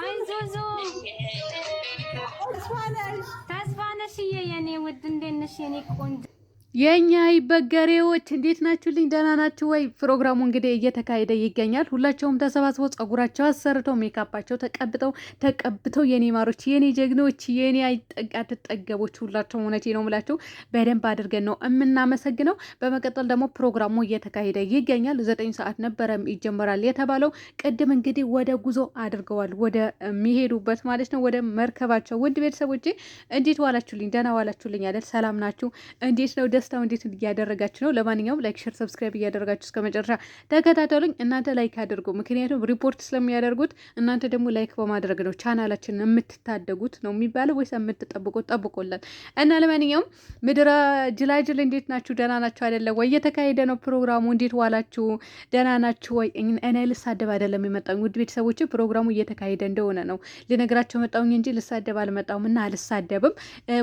አይ ዞዞ ተስፋ ነሽ የኔ ውድ፣ እንዴት ነሽ የኔ ቆንጆ? የእኛ ይበገሬዎች እንዴት ናችሁልኝ? ደህና ናችሁ ወይ? ፕሮግራሙ እንግዲህ እየተካሄደ ይገኛል። ሁላቸውም ተሰባስበው ጸጉራቸው አሰርተው ሜካፓቸው ተቀብተው ተቀብተው የኔ ማሮች፣ የኔ ጀግኖች፣ የኔ አትጠገቦች ሁላቸው እውነቴ ነው የምላቸው በደንብ አድርገን ነው የምናመሰግነው። በመቀጠል ደግሞ ፕሮግራሙ እየተካሄደ ይገኛል። ዘጠኝ ሰዓት ነበረ ይጀመራል የተባለው። ቅድም እንግዲህ ወደ ጉዞ አድርገዋል ወደሚሄዱበት ማለት ነው ወደ መርከባቸው። ውድ ቤተሰቦቼ እንዴት ዋላችሁልኝ? ደህና ዋላችሁልኝ አይደል? ሰላም ናችሁ? እንዴት ነው ደስታው እንዴት እያደረጋችሁ ነው? ለማንኛውም ላይክ፣ ሸር፣ ሰብስክራይብ እያደረጋችሁ እስከ መጨረሻ ተከታተሉኝ። እናንተ ላይክ አድርጉ፣ ምክንያቱም ሪፖርት ስለሚያደርጉት እናንተ ደግሞ ላይክ በማድረግ ነው ቻናላችን የምትታደጉት ነው የሚባለው ወይስ የምትጠብቁት? ጠብቆላል እና ለማንኛውም ምድረ ጅላጅል እንዴት ናችሁ? ደህና ናችሁ አይደለ ወይ? እየተካሄደ ነው ፕሮግራሙ። እንዴት ዋላችሁ? ደህና ናችሁ ወይ? እኔ ልሳደብ አይደለም የመጣሁኝ ውድ ቤተሰቦች፣ ፕሮግራሙ እየተካሄደ እንደሆነ ነው ልነግራቸው መጣውኝ እንጂ ልሳደብ አልመጣውም እና አልሳደብም።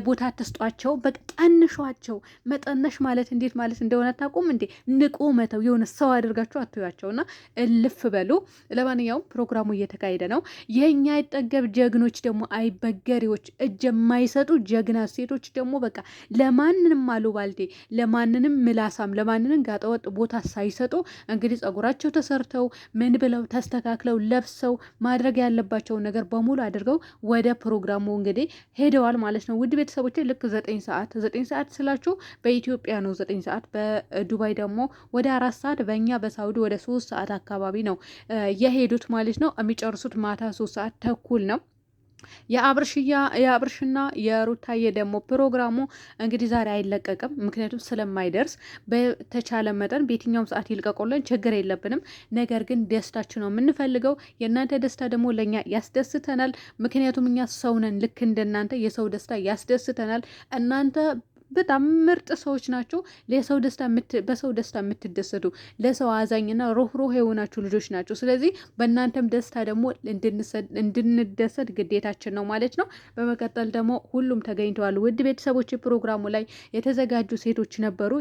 ቦታ ተስጧቸው፣ በቃ ጠንሿቸው መጠ ጸነሽ ማለት እንዴት ማለት እንደሆነ አታውቁም እንዴ? ንቁ መተው የሆነ ሰው አድርጋችሁ አትያቸውና እልፍ በሉ። ለማንኛውም ፕሮግራሙ እየተካሄደ ነው። የእኛ አይጠገብ ጀግኖች ደግሞ አይበገሬዎች፣ እጅ የማይሰጡ ጀግና ሴቶች ደግሞ በቃ ለማንንም አሉ ባልዴ ለማንንም ምላሳም፣ ለማንንም ጋጠወጥ ቦታ ሳይሰጡ እንግዲህ ጸጉራቸው ተሰርተው ምን ብለው ተስተካክለው ለብሰው ማድረግ ያለባቸውን ነገር በሙሉ አድርገው ወደ ፕሮግራሙ እንግዲህ ሄደዋል ማለት ነው። ውድ ቤተሰቦች ልክ ዘጠኝ ሰዓት ዘጠኝ ሰዓት ስላችሁ በኢትዮጵያ ነው ዘጠኝ ሰዓት፣ በዱባይ ደግሞ ወደ አራት ሰዓት፣ በእኛ በሳውዲ ወደ ሶስት ሰዓት አካባቢ ነው የሄዱት ማለት ነው። የሚጨርሱት ማታ ሶስት ሰዓት ተኩል ነው። የአብርሽና የሩታዬ ደግሞ ፕሮግራሙ እንግዲህ ዛሬ አይለቀቅም፣ ምክንያቱም ስለማይደርስ በተቻለ መጠን በየትኛውም ሰዓት ይልቀቁልን፣ ችግር የለብንም። ነገር ግን ደስታችሁ ነው የምንፈልገው። የእናንተ ደስታ ደግሞ ለእኛ ያስደስተናል፣ ምክንያቱም እኛ ሰውነን ልክ እንደናንተ የሰው ደስታ ያስደስተናል። እናንተ በጣም ምርጥ ሰዎች ናቸው። ለሰው ደስታ በሰው ደስታ የምትደሰቱ ለሰው አዛኝና ሮህሮህ የሆናችሁ ልጆች ናቸው። ስለዚህ በእናንተም ደስታ ደግሞ እንድንደሰት ግዴታችን ነው ማለት ነው። በመቀጠል ደግሞ ሁሉም ተገኝተዋል። ውድ ቤተሰቦች ፕሮግራሙ ላይ የተዘጋጁ ሴቶች ነበሩ።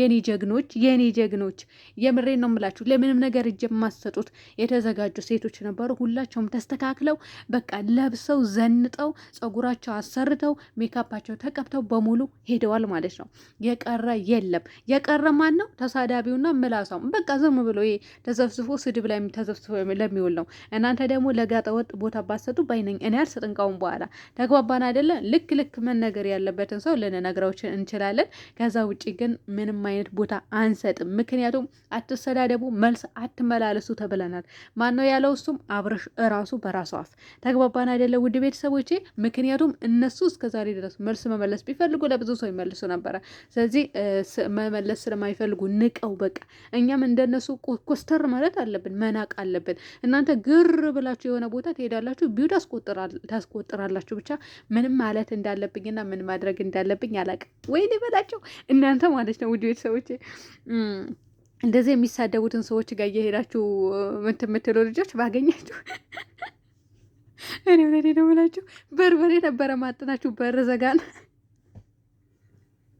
የኔ ጀግኖች፣ የኔ ጀግኖች የምሬን ነው የምላችሁ። ለምንም ነገር እጅ የማሰጡት የተዘጋጁ ሴቶች ነበሩ። ሁላቸውም ተስተካክለው በቃ ለብሰው ዘንጠው ጸጉራቸው አሰርተው ሜካፓቸው ተቀብተው በሙሉ ሄደዋል። ተናግረዋል ማለት ነው። የቀረ የለም። የቀረ ማን ነው? ተሳዳቢውና ምላሳም በቃ ዝም ብሎ ይሄ ተዘፍዝፎ ስድብ ላይ ተዘፍዝፎ ለሚውል ነው። እናንተ ደግሞ ለጋጠ ወጥ ቦታ ባሰጡ ባይነኝ እኔ አልሰጥን። ካሁን በኋላ ተግባባን አይደለ? ልክ ልክ መነገር ያለበትን ሰው ልንነግራችን እንችላለን። ከዛ ውጭ ግን ምንም አይነት ቦታ አንሰጥም። ምክንያቱም አትሰዳደቡ፣ መልስ አትመላለሱ ተብለናል። ማን ነው ያለው? እሱም አብረሽ እራሱ በራሱ አፍ ተግባባን አይደለ? ውድ ቤተሰቦቼ፣ ምክንያቱም እነሱ እስከዛሬ ድረስ መልስ መመለስ ቢፈልጉ ለብዙ ሰው ሲመልሱ ነበረ። ስለዚህ መመለስ ስለማይፈልጉ ንቀው በቃ እኛም እንደነሱ ኮስተር ማለት አለብን፣ መናቅ አለብን። እናንተ ግር ብላችሁ የሆነ ቦታ ትሄዳላችሁ፣ ቢዩ ታስቆጥራላችሁ። ብቻ ምንም ማለት እንዳለብኝና ምን ማድረግ እንዳለብኝ አላውቅም። ወይ በላቸው እናንተ ማለት ነው ውድ ቤተሰቦቼ እንደዚህ የሚሳደቡትን ሰዎች ጋር እየሄዳችሁ ምንት የምትሉ ልጆች ባገኛችሁ እኔ እውነቴን ነው የምላችሁ በርበሬ ነበረ ማጥናችሁ በር ዘጋን።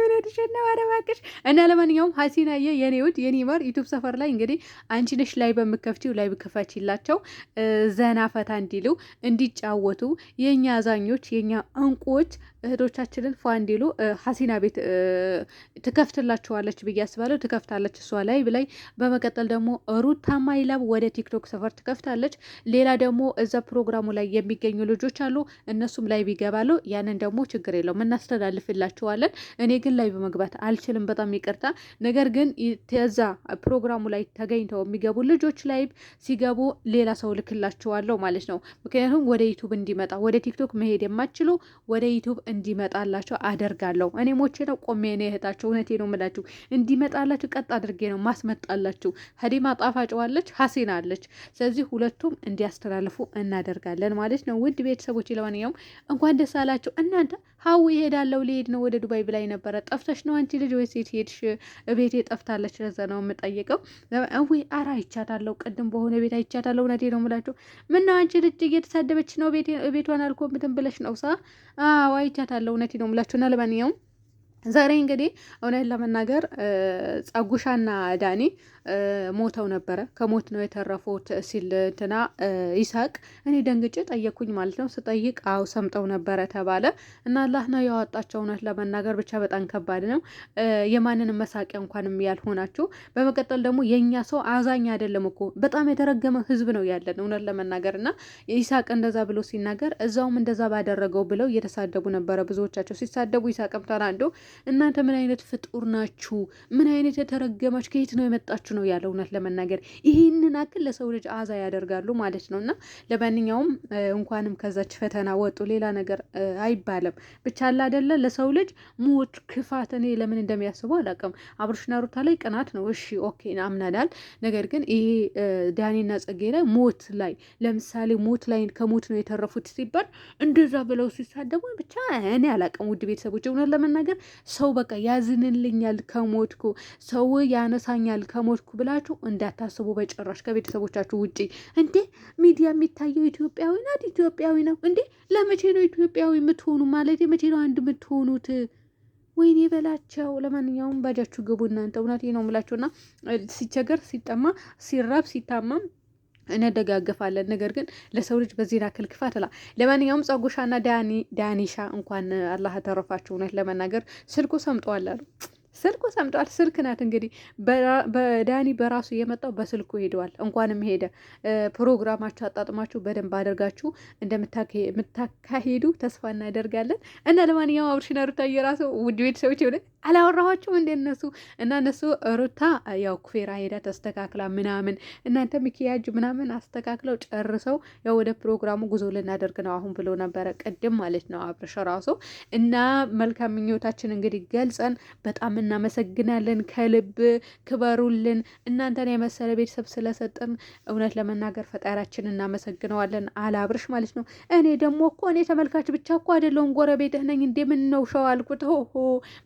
እውነትሽን ነው። እና ለማንኛውም ሀሲናዬ የኔ ውድ የኔ ማር ዩቱብ ሰፈር ላይ እንግዲህ አንቺ ነሽ ላይ በምከፍችው ላይ ብከፈችላቸው ዘና ፈታ እንዲሉ እንዲጫወቱ የእኛ አዛኞች የእኛ እንቁዎች እህቶቻችንን ፏ እንዲሉ ሀሲና ቤት ትከፍትላችኋለች ብዬ አስባለሁ። ትከፍታለች እሷ ላይ ብላይ። በመቀጠል ደግሞ ሩታ ማይላብ ወደ ቲክቶክ ሰፈር ትከፍታለች። ሌላ ደግሞ እዛ ፕሮግራሙ ላይ የሚገኙ ልጆች አሉ። እነሱም ላይ ቢገባሉ። ያንን ደግሞ ችግር የለውም እናስተላልፍላችኋለን እኔ ግን ላይ በመግባት አልችልም፣ በጣም ይቅርታ። ነገር ግን ተዛ ፕሮግራሙ ላይ ተገኝተው የሚገቡ ልጆች ላይ ሲገቡ ሌላ ሰው ልክላቸዋለሁ ማለት ነው። ምክንያቱም ወደ ዩቱብ እንዲመጣ ወደ ቲክቶክ መሄድ የማችሉ ወደ ዩቱብ እንዲመጣላቸው አደርጋለሁ። እኔ ሞቼ ነው ቆሜ ነው እህታቸው፣ እውነቴ ነው የምላችሁ። እንዲመጣላችሁ ቀጥ አድርጌ ነው ማስመጣላችሁ። ሀዲማ ጣፋጭዋለች፣ ሀሴና አለች። ስለዚህ ሁለቱም እንዲያስተላልፉ እናደርጋለን ማለት ነው። ውድ ቤተሰቦች፣ ለማንኛውም እንኳን ደስ አላቸው እናንተ ሀዊ ይሄዳለው ሊሄድ ነው ወደ ዱባይ ብላኝ ነበረ። ጠፍተሽ ነው አንቺ ልጅ ወይስ የት ሄድሽ? ቤቴ ጠፍታለች። ለዛ ነው የምጠይቀው። ዊ አራ አይቻታለሁ፣ ቅድም በሆነ ቤት አይቻታለሁ። እውነቴ ነው የምላቸው። ምነው አንቺ ልጅ እየተሳደበች ነው ቤቷን አልኮ ምትን ብለሽ ነው ሳ? አዎ አይቻታለሁ። እውነቴ ነው የምላቸው እና ለማንኛውም ዛሬ እንግዲህ እውነት ለመናገር ጸጉሻና ዳኒ ሞተው ነበረ። ከሞት ነው የተረፉት ሲል እንትና ይሳቅ እኔ ደንግጬ ጠየኩኝ ማለት ነው። ስጠይቅ አው ሰምጠው ነበረ ተባለ እና አላህ ነው ያወጣቸው። እውነት ለመናገር ብቻ በጣም ከባድ ነው። የማንንም መሳቂያ እንኳንም ያልሆናችሁ። በመቀጠል ደግሞ የእኛ ሰው አዛኝ አይደለም እኮ በጣም የተረገመ ህዝብ ነው ያለን እውነት ለመናገር እና ይሳቅ እንደዛ ብሎ ሲናገር እዛውም እንደዛ ባደረገው ብለው እየተሳደቡ ነበረ ብዙዎቻቸው ሲሳደቡ ይሳቅም ተናዶ እናንተ ምን አይነት ፍጡር ናችሁ? ምን አይነት የተረገማችሁ ከየት ነው የመጣችሁ ነው ያለ። እውነት ለመናገር ይህንን አክል ለሰው ልጅ አዛ ያደርጋሉ ማለት ነው። እና ለማንኛውም እንኳንም ከዛች ፈተና ወጡ። ሌላ ነገር አይባልም። ብቻ አላደለ ለሰው ልጅ ሞት፣ ክፋት እኔ ለምን እንደሚያስቡ አላውቅም። አብርሽና ሩታ ላይ ቅናት ነው። እሺ ኦኬ አምናላል። ነገር ግን ይሄ ዳኒና ጸጌ ላይ ሞት ላይ ለምሳሌ ሞት ላይ ከሞት ነው የተረፉት ሲባል እንደዛ ብለው ሲሳደቡ ብቻ እኔ አላውቅም። ውድ ቤተሰቦች እውነት ለመናገር ሰው በቃ ያዝንልኛል ከሞትኩ፣ ሰው ያነሳኛል ከሞትኩ ብላችሁ እንዳታስቡ በጭራሽ። ከቤተሰቦቻችሁ ውጪ እንዴ ሚዲያ የሚታየው ኢትዮጵያዊ ናት፣ ኢትዮጵያዊ ነው እንዴ? ለመቼ ነው ኢትዮጵያዊ የምትሆኑ ማለት መቼ ነው አንድ የምትሆኑት? ወይኔ በላቸው። ለማንኛውም ባጃችሁ ግቡ እናንተ። እውነቴን ነው የምላቸውና ሲቸገር ሲጠማ ሲራብ ሲታማም እንደጋገፋለን ነገር ግን ለሰው ልጅ በዚህ ያክል ክፋት ላ ለማንኛውም ፀጉሻና ዳኒሻ እንኳን አላህ ተረፋችሁ። እውነት ለመናገር ስልኩ ሰምጠዋል አሉ ስልኩ ሰምጧል። ስልክ ናት እንግዲህ በዳኒ በራሱ የመጣው በስልኩ ሄደዋል። እንኳንም ሄደ። ፕሮግራማችሁ አጣጥማችሁ በደንብ አድርጋችሁ እንደምታካሄዱ ተስፋ እናደርጋለን እና ለማንኛውም አብርሽና ሩታ የራሱ ውድ ቤተሰቦች ሆነ አላወራኋቸው እንደ እነሱ እና እነሱ ሩታ ያው ኩፌራ ሄዳ ተስተካክላ ምናምን እናንተ ሚኪያጅ ምናምን አስተካክለው ጨርሰው ያው ወደ ፕሮግራሙ ጉዞ ልናደርግ ነው አሁን ብሎ ነበረ ቅድም ማለት ነው አብርሽ ራሱ እና መልካም ምኞታችን እንግዲህ ገልጸን በጣም እናመሰግናለን። ከልብ ክበሩልን። እናንተን የመሰለ ቤተሰብ ስለሰጠን እውነት ለመናገር ፈጣሪያችን እናመሰግነዋለን። አላብርሽ ማለት ነው። እኔ ደግሞ እኮ እኔ ተመልካች ብቻ እኮ አይደለሁም ጎረቤትህ ነኝ እንዴ። ምን ነው ሸው አልኩት። ሆሆ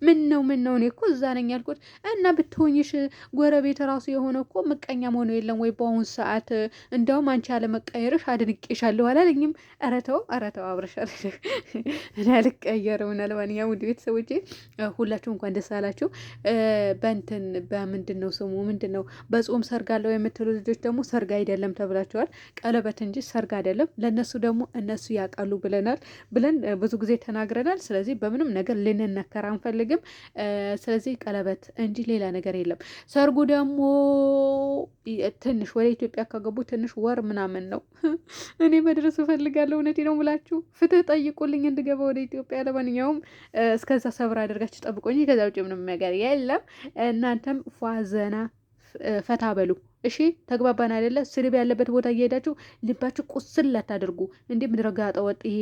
ምን ነው ምን ነው እኔ እኮ እዛ ነኝ አልኩት። እና ብትሆኝሽ ጎረቤት ራሱ የሆነ እኮ ምቀኛ መሆኑ የለም ወይ በአሁን ሰዓት እንዲያውም አንቺ አለመቀየርሽ አድንቄሻለሁ አላለኝም። ኧረ ተው ኧረ ተው አብርሽ እኔ አልቀየርም። ምናልባት ውድ ቤተሰቦቼ ሁላችሁ እንኳን ደስ አላችሁ። በእንትን በምንድን ነው ስሙ ምንድን ነው በጾም ሰርግ አለው የምትሉ ልጆች ደግሞ ሰርግ አይደለም ተብላቸዋል። ቀለበት እንጂ ሰርግ አይደለም። ለእነሱ ደግሞ እነሱ ያውቃሉ ብለናል ብለን ብዙ ጊዜ ተናግረናል። ስለዚህ በምንም ነገር ልንነከር አንፈልግም። ስለዚህ ቀለበት እንጂ ሌላ ነገር የለም። ሰርጉ ደግሞ ትንሽ ወደ ኢትዮጵያ ካገቡ ትንሽ ወር ምናምን ነው። እኔ መድረስ እፈልጋለሁ። እውነቴ ነው ምላችሁ፣ ፍትህ ጠይቁልኝ እንድገባ ወደ ኢትዮጵያ። ለማንኛውም እስከዛ ሰብር አድርጋችሁ ጠብቆኝ ከዛ ውጭ ምንም ነገር የለም። እናንተም ፏዘና ፈታ በሉ። እሺ ተግባባን አይደለ? ስድብ ያለበት ቦታ እየሄዳችሁ ልባችሁ ቁስል ላታደርጉ። እንዴ ምድረጋጠ ወጥ ይሄ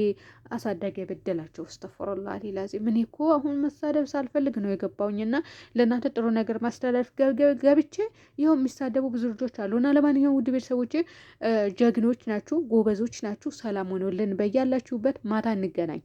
አሳዳጊ የበደላቸው ስተፈሮላ ሌላዚ ምን እኮ አሁን መሳደብ ሳልፈልግ ነው የገባውኝና ለእናንተ ጥሩ ነገር ማስተላለፍ ገብቼ ይኸው የሚሳደቡ ብዙ ልጆች አሉ። እና ለማንኛውም ውድ ቤተሰቦቼ ጀግኖች ናችሁ፣ ጎበዞች ናችሁ። ሰላም ሆኖልን በያላችሁበት ማታ እንገናኝ።